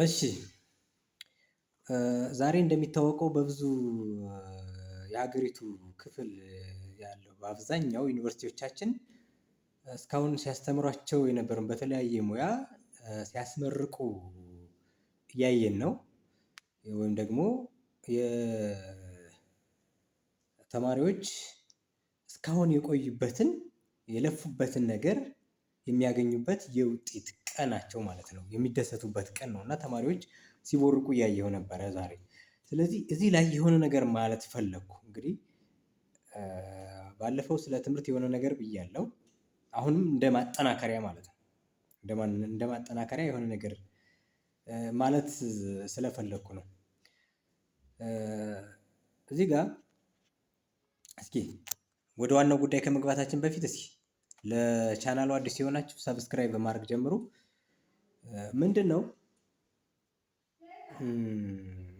እሺ ዛሬ እንደሚታወቀው በብዙ የሀገሪቱ ክፍል ያለው በአብዛኛው ዩኒቨርሲቲዎቻችን እስካሁን ሲያስተምሯቸው የነበረውን በተለያየ ሙያ ሲያስመርቁ እያየን ነው። ወይም ደግሞ ተማሪዎች እስካሁን የቆዩበትን የለፉበትን ነገር የሚያገኙበት የውጤት ቀናቸው ማለት ነው የሚደሰቱበት ቀን ነው እና ተማሪዎች ሲቦርቁ እያየሁ ነበረ ዛሬ። ስለዚህ እዚህ ላይ የሆነ ነገር ማለት ፈለኩ እንግዲህ ባለፈው ስለ ትምህርት የሆነ ነገር ብያለሁ። አሁንም እንደ ማጠናከሪያ ማለት ነው እንደ ማጠናከሪያ የሆነ ነገር ማለት ስለፈለኩ ነው። እዚህ ጋር እስኪ ወደ ዋናው ጉዳይ ከመግባታችን በፊት እስኪ ለቻናሉ አዲስ የሆናችሁ ሰብስክራይብ በማድረግ ጀምሩ። ምንድን ነው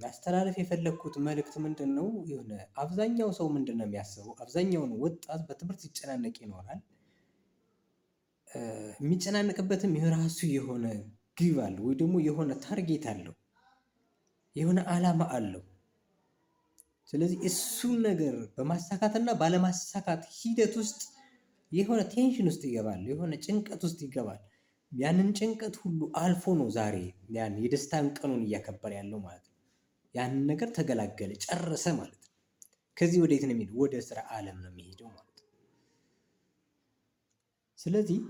ማስተላለፍ የፈለግኩት መልእክት ምንድን ነው? የሆነ አብዛኛው ሰው ምንድን ነው የሚያስበው? አብዛኛውን ወጣት በትምህርት ይጨናነቅ ይኖራል። የሚጨናነቅበትም የራሱ የሆነ ግብ አለው ወይ ደግሞ የሆነ ታርጌት አለው፣ የሆነ አላማ አለው። ስለዚህ እሱን ነገር በማሳካትና ባለማሳካት ሂደት ውስጥ የሆነ ቴንሽን ውስጥ ይገባል፣ የሆነ ጭንቀት ውስጥ ይገባል። ያንን ጭንቀት ሁሉ አልፎ ነው ዛሬ ያን የደስታን ቀኑን እያከበረ ያለው ማለት ነው። ያንን ነገር ተገላገለ፣ ጨረሰ ማለት ነው። ከዚህ የት ነው የሚሄደው? ወደ ስራ ዓለም ነው የሚሄደው ማለት ነው። ስለዚህ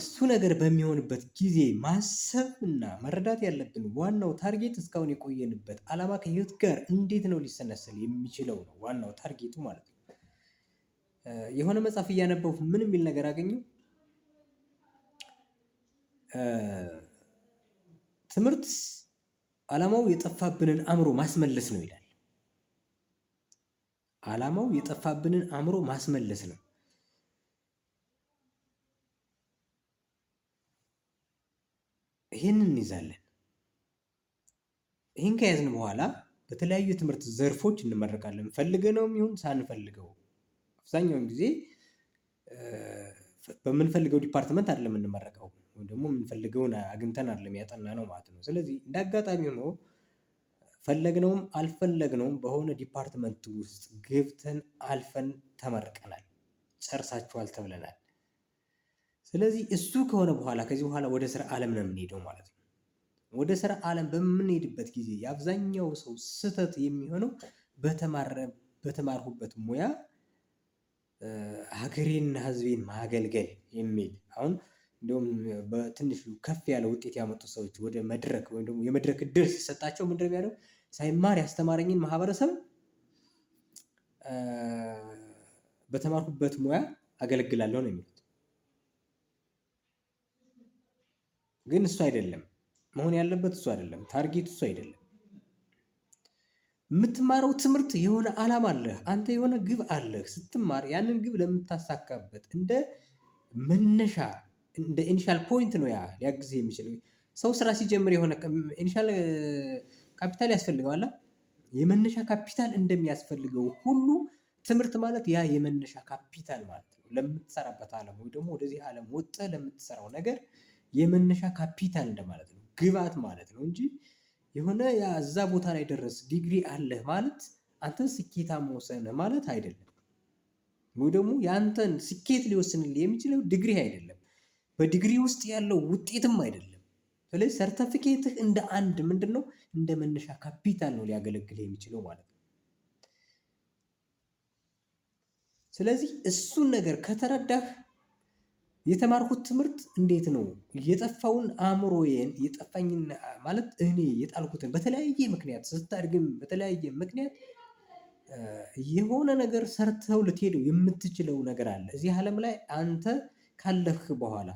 እሱ ነገር በሚሆንበት ጊዜ ማሰብና መረዳት ያለብን ዋናው ታርጌት እስካሁን የቆየንበት ዓላማ ከህይወት ጋር እንዴት ነው ሊሰነሰል የሚችለው ነው ዋናው ታርጌቱ ማለት ነው። የሆነ መጽሐፍ እያነበቡ ምን የሚል ነገር አገኘ ትምህርት ዓላማው የጠፋብንን አእምሮ ማስመለስ ነው ይላል። ዓላማው የጠፋብንን አእምሮ ማስመለስ ነው። ይህንን እንይዛለን። ይህን ከያዝን በኋላ በተለያዩ የትምህርት ዘርፎች እንመረቃለን። ፈልገ ነው የሚሆን ሳንፈልገው አብዛኛውን ጊዜ በምንፈልገው ዲፓርትመንት አይደለም የምንመረቀው ወይም ደግሞ የምንፈልገውን አግኝተን አይደለም ያጠና ነው ማለት ነው። ስለዚህ እንደ አጋጣሚ ሆኖ ፈለግነውም አልፈለግነውም በሆነ ዲፓርትመንት ውስጥ ገብተን አልፈን ተመርቀናል፣ ጨርሳችኋል ተብለናል። ስለዚህ እሱ ከሆነ በኋላ ከዚህ በኋላ ወደ ስራ ዓለም ነው የምንሄደው ማለት ነው። ወደ ስራ ዓለም በምንሄድበት ጊዜ የአብዛኛው ሰው ስህተት የሚሆነው በተማርሁበት ሙያ ሀገሬንና ህዝቤን ማገልገል የሚል አሁን እንዲሁም በትንሹ ከፍ ያለ ውጤት ያመጡ ሰዎች ወደ መድረክ ወይም ደግሞ የመድረክ እድል ሲሰጣቸው ምንድነው ያለው? ሳይማር ያስተማረኝን ማህበረሰብ በተማርኩበት ሙያ አገለግላለሁ ነው የሚሉት። ግን እሱ አይደለም መሆን ያለበት እሱ አይደለም ታርጌት እሱ አይደለም የምትማረው ትምህርት የሆነ ዓላማ አለህ። አንተ የሆነ ግብ አለህ ስትማር ያንን ግብ ለምታሳካበት እንደ መነሻ እንደ ኢኒሻል ፖይንት ነው ያ ሊያግዝህ የሚችል። ሰው ስራ ሲጀምር የሆነ ኢኒሻል ካፒታል ያስፈልገዋል። የመነሻ ካፒታል እንደሚያስፈልገው ሁሉ ትምህርት ማለት ያ የመነሻ ካፒታል ማለት ነው። ለምትሰራበት ዓለም ወይ ደግሞ ወደዚህ ዓለም ወጥተህ ለምትሰራው ነገር የመነሻ ካፒታል እንደማለት ነው፣ ግብዓት ማለት ነው እንጂ የሆነ እዛ ቦታ ላይ ደረስ ዲግሪ አለህ ማለት አንተን ስኬታ መወሰንህ ማለት አይደለም። ወይ ደግሞ የአንተን ስኬት ሊወስንልህ የሚችለው ዲግሪ አይደለም፣ በዲግሪ ውስጥ ያለው ውጤትም አይደለም። ስለዚህ ሰርተፊኬትህ እንደ አንድ ምንድን ነው እንደ መነሻ ካፒታል ነው ሊያገለግልህ የሚችለው ማለት ነው። ስለዚህ እሱን ነገር ከተረዳህ የተማርኩት ትምህርት እንዴት ነው የጠፋውን አእምሮዬን የጠፋኝን ማለት እኔ የጣልኩትን በተለያየ ምክንያት ስታድግም በተለያየ ምክንያት የሆነ ነገር ሰርተው ልትሄደው የምትችለው ነገር አለ። እዚህ አለም ላይ አንተ ካለፍክ በኋላ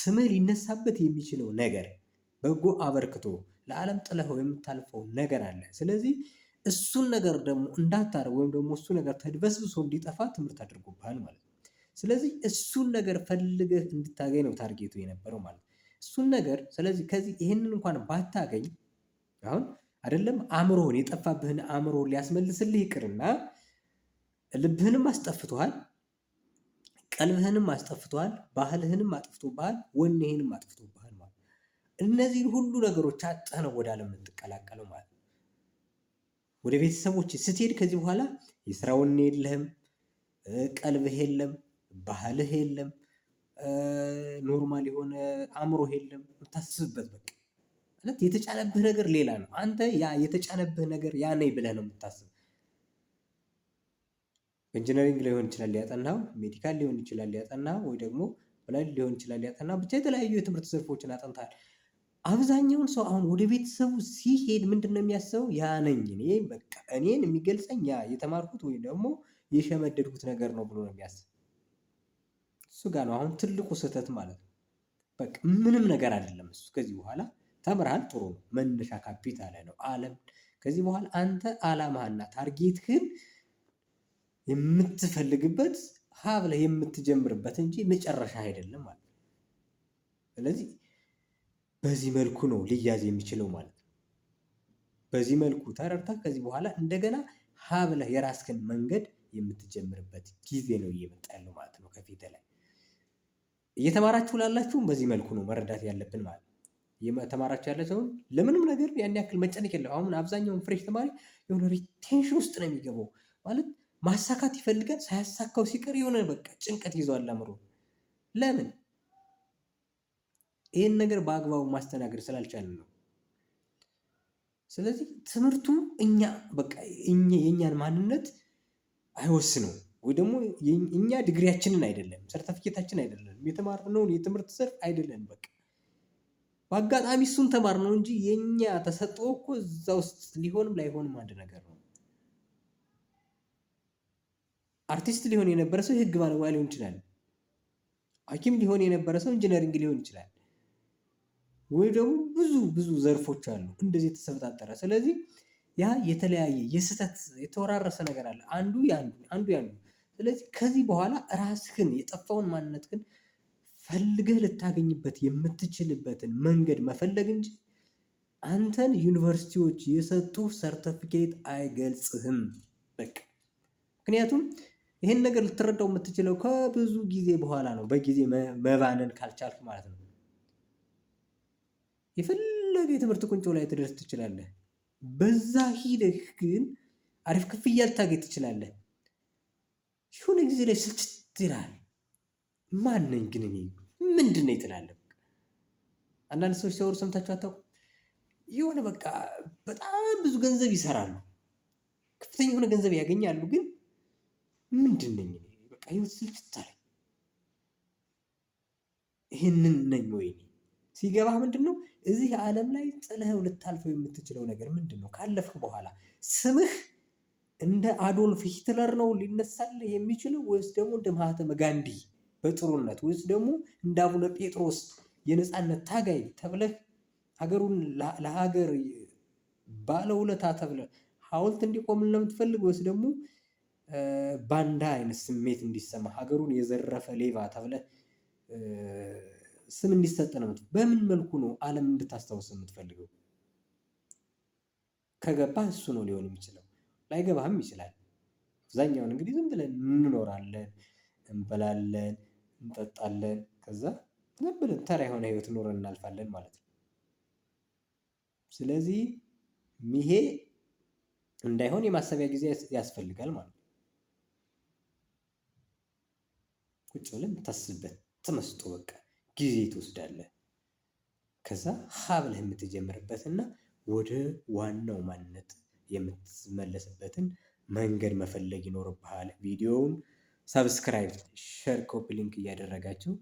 ስምህ ሊነሳበት የሚችለው ነገር በጎ አበርክቶ ለዓለም ጥለኸው የምታልፈው ነገር አለ። ስለዚህ እሱን ነገር ደግሞ እንዳታደርግ ወይም ደግሞ እሱ ነገር ተድበስብሶ እንዲጠፋ ትምህርት አድርጎብሃል ማለት ነው። ስለዚህ እሱን ነገር ፈልገህ እንድታገኝ ነው ታርጌቱ የነበረው ማለት እሱን ነገር ስለዚህ ከዚህ ይህንን እንኳን ባታገኝ አሁን አይደለም አእምሮህን የጠፋብህን አእምሮ ሊያስመልስልህ ይቅርና ልብህንም አስጠፍቶሃል፣ ቀልብህንም አስጠፍቶሃል፣ ባህልህንም አጥፍቶብሃል፣ ወኔህንም አጥፍቶብሃል ማለት እነዚህን ሁሉ ነገሮች አጥተህ ነው ወደ ዓለም የምትቀላቀለው ማለት ወደ ቤተሰቦች ስትሄድ ከዚህ በኋላ የስራ ወኔ የለህም፣ ቀልብህ የለም፣ ባህልህ የለም ኖርማል የሆነ አእምሮህ የለም የምታስብበት በቃ ማለት የተጫነብህ ነገር ሌላ ነው። አንተ ያ የተጫነብህ ነገር ያ ነኝ ብለህ ነው የምታስብ። ኢንጂነሪንግ ሊሆን ይችላል ያጠናኸው፣ ሜዲካል ሊሆን ይችላል ያጠናኸው፣ ወይ ደግሞ ፕላን ሊሆን ይችላል ያጠናኸው። ብቻ የተለያዩ የትምህርት ዘርፎችን አጠንተሃል። አብዛኛውን ሰው አሁን ወደ ቤተሰቡ ሲሄድ ምንድን ነው የሚያስበው? ያ ነኝ እኔ በቃ እኔን የሚገልጸኝ ያ የተማርኩት ወይም ደግሞ የሸመደድኩት ነገር ነው ብሎ ነው የሚያስብ። እሱ ጋር ነው አሁን ትልቁ ስህተት ማለት ነው። በቃ ምንም ነገር አይደለም እሱ። ከዚህ በኋላ ተምርሃል፣ ጥሩ ነው፣ መነሻ ካፒታል ነው አለም። ከዚህ በኋላ አንተ አላማህና ታርጌትህን የምትፈልግበት ሀብለህ የምትጀምርበት እንጂ መጨረሻ አይደለም ማለት ነው። ስለዚህ በዚህ መልኩ ነው ሊያዝ የሚችለው ማለት ነው። በዚህ መልኩ ተረድተህ ከዚህ በኋላ እንደገና ሀብለህ የራስህን መንገድ የምትጀምርበት ጊዜ ነው እየመጣ ያለው ማለት ነው ከፊት ላይ እየተማራችሁ ላላችሁም በዚህ መልኩ ነው መረዳት ያለብን ማለት ነው። ያለ ሰውን ለምንም ነገር ያን ያክል መጨነቅ የለም። አሁን አብዛኛውን ፍሬሽ ተማሪ የሆነ ሪቴንሽን ውስጥ ነው የሚገባው ማለት ማሳካት ይፈልጋል። ሳያሳካው ሲቀር የሆነ በቃ ጭንቀት ይዟል አምሮ ለምን ይህን ነገር በአግባቡ ማስተናገድ ስላልቻለ ነው። ስለዚህ ትምህርቱ እኛ በቃ የእኛን ማንነት አይወስነው። ወይ ደግሞ እኛ ድግሪያችንን አይደለም ሰርተፊኬታችን አይደለም የተማርነውን የትምህርት ዘርፍ አይደለም። በቃ በአጋጣሚ እሱን ነው እንጂ የእኛ ተሰጥኦ እኮ እዛ ውስጥ ሊሆንም ላይሆንም አንድ ነገር ነው። አርቲስት ሊሆን የነበረ ሰው የህግ ባለሙያ ሊሆን ይችላል። ሐኪም ሊሆን የነበረ ሰው ኢንጂነሪንግ ሊሆን ይችላል። ወይ ደግሞ ብዙ ብዙ ዘርፎች አሉ እንደዚህ የተሰበጣጠረ። ስለዚህ ያ የተለያየ የስህተት የተወራረሰ ነገር አለ። አንዱ ያንዱ አንዱ ያንዱ ስለዚህ ከዚህ በኋላ ራስህን የጠፋውን ግን ፈልገህ ልታገኝበት የምትችልበትን መንገድ መፈለግ እንጂ አንተን ዩኒቨርሲቲዎች የሰጡ ሰርተፊኬት አይገልጽህም። በቃ ምክንያቱም ይህን ነገር ልትረዳው የምትችለው ከብዙ ጊዜ በኋላ ነው፣ በጊዜ መባነን ካልቻልክ ማለት ነው። የፈለገ የትምህርት ቁንጮ ላይ ትደርስ ትችላለህ። በዛ ሂደህ ግን አሪፍ ክፍያ ልታገኝ ትችላለህ። የሆነ ጊዜ ላይ ስልችት ይላል። ማን ግን እኔ ምንድን ነው ትላለህ። አንዳንድ ሰዎች ሲያወሩ ሰምታችሁ አታውቁም? የሆነ በቃ በጣም ብዙ ገንዘብ ይሰራሉ፣ ከፍተኛ የሆነ ገንዘብ ያገኛሉ። ግን ምንድን ነኝ በቃ ህይወት ስልችት አለኝ። ይህንን ነኝ ወይ ሲገባህ ምንድን ነው እዚህ ዓለም ላይ ጥለኸው ልታልፈው የምትችለው ነገር ምንድን ነው? ካለፍክ በኋላ ስምህ እንደ አዶልፍ ሂትለር ነው ሊነሳል የሚችለው ወይስ ደግሞ እንደ ማህተመ ጋንዲ በጥሩነት ወይስ ደግሞ እንደ አቡነ ጴጥሮስ የነፃነት ታጋይ ተብለህ ሀገሩን ለሀገር ባለውለታ ተብለህ ሐውልት እንዲቆምን ለምትፈልግ ወይስ ደግሞ ባንዳ አይነት ስሜት እንዲሰማ ሀገሩን የዘረፈ ሌባ ተብለህ ስም እንዲሰጥ ነው። በምን መልኩ ነው ዓለም እንድታስታውስ የምትፈልገው? ከገባህ እሱ ነው ሊሆን የሚችለው። ላይገባህም ይችላል። አብዛኛውን እንግዲህ ዝም ብለን እንኖራለን እንበላለን እንጠጣለን ከዛ ዝም ብለን ተራ የሆነ ህይወት ኖረን እናልፋለን ማለት ነው። ስለዚህ ይሄ እንዳይሆን የማሰቢያ ጊዜ ያስፈልጋል ማለት ነው። ቁጭ ብለን የምታስብበት ተመስጦ በቃ ጊዜ ትወስዳለህ። ከዛ ሀ የምትጀምርበት እና ወደ ዋናው ማንነት የምትመለስበትን መንገድ መፈለግ ይኖርብሃል። ቪዲዮውን ሰብስክራይብ፣ ሸር፣ ኮፒ ሊንክ እያደረጋችሁ